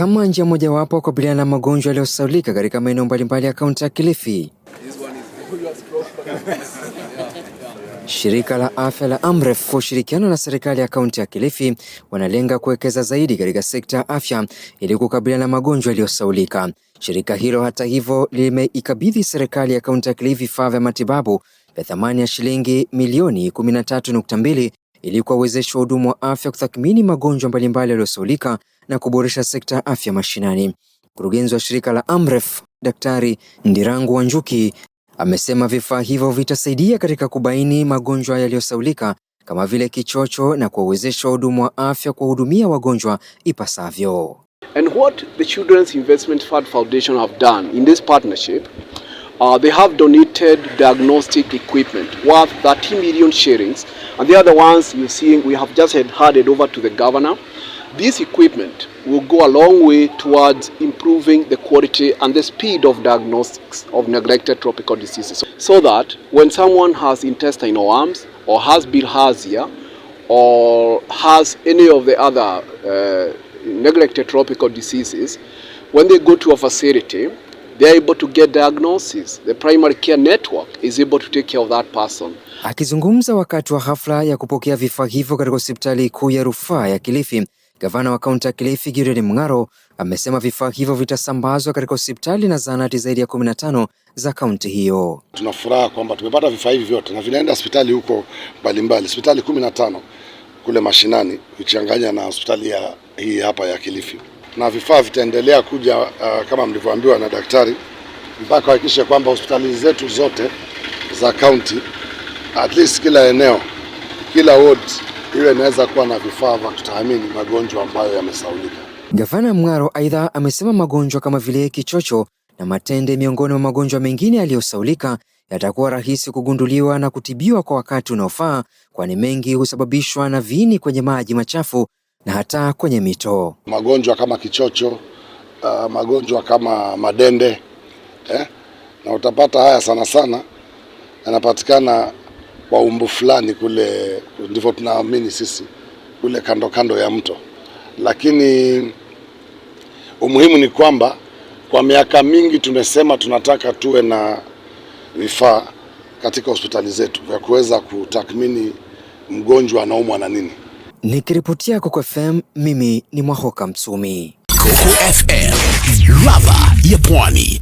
kama njia mojawapo ya kukabiliana na magonjwa yaliyosaulika katika maeneo mbalimbali ya kaunti ya Kilifi. Shirika la afya la Amref kwa ushirikiano na serikali ya kaunti ya Kilifi wanalenga kuwekeza zaidi katika sekta ya afya ili kukabiliana na magonjwa yaliyosaulika. Shirika hilo hata hivyo limeikabidhi serikali ya kaunti ya Kilifi vifaa vya matibabu vya thamani ya shilingi milioni 13.2 ili kuwawezesha wahudumu wa afya kutathmini magonjwa mbalimbali yaliyosaulika na kuboresha sekta afya mashinani. Mkurugenzi wa shirika la Amref, Daktari Ndirangu Wanjuki, amesema vifaa hivyo vitasaidia katika kubaini magonjwa yaliyosaulika kama vile kichocho na kuwawezesha wahudumu wa afya kuwahudumia wagonjwa ipasavyo. And what the Children's Investment Fund Foundation have done in this partnership Uh, they have donated diagnostic equipment worth 30 million shillings and the other ones you see we have just had handed over to the governor This equipment will go a long way towards improving the quality and the speed of diagnostics of neglected tropical diseases so that when someone has intestinal worms or has bilharzia or has any of the other uh, neglected tropical diseases, when they go to a facility, they are able to get diagnosis. The primary care network is able to take care of that person. Akizungumza wakati wa hafla ya kupokea vifaa hivyo katika hospitali kuu ya rufaa ya Kilifi Gavana wa kaunti ya Kilifi Gideon mngaro amesema vifaa hivyo vitasambazwa katika hospitali na zahanati zaidi ya 15 za kaunti hiyo. Tuna furaha kwamba tumepata vifaa hivi vyote na vinaenda hospitali huko mbalimbali, hospitali 15 kule mashinani ukichanganya na hospitali ya hii hapa ya Kilifi, na vifaa vitaendelea kuja uh, kama mlivyoambiwa na daktari, mpaka hakikishe kwamba hospitali zetu zote za kaunti, at least kila eneo, kila ward hiyo inaweza kuwa na vifaa vya kutaamini magonjwa ambayo yamesaulika. Gavana mwaro aidha amesema magonjwa kama vile kichocho na matende miongoni mwa magonjwa mengine yaliyosaulika yatakuwa rahisi kugunduliwa na kutibiwa kwa wakati unaofaa, kwani mengi husababishwa na viini kwenye maji machafu na hata kwenye mito. Magonjwa kama kichocho, uh, magonjwa kama madende eh? na utapata haya sana sana yanapatikana wa umbu fulani kule, ndivyo tunaamini sisi, kule kando kando ya mto. Lakini umuhimu ni kwamba kwa miaka mingi tumesema tunataka tuwe na vifaa katika hospitali zetu vya kuweza kutathmini mgonjwa anaumwa na nini. Nikiripotia Coco FM, mimi ni Mwahoka Mtsumi. Coco FM, ladha ya Pwani.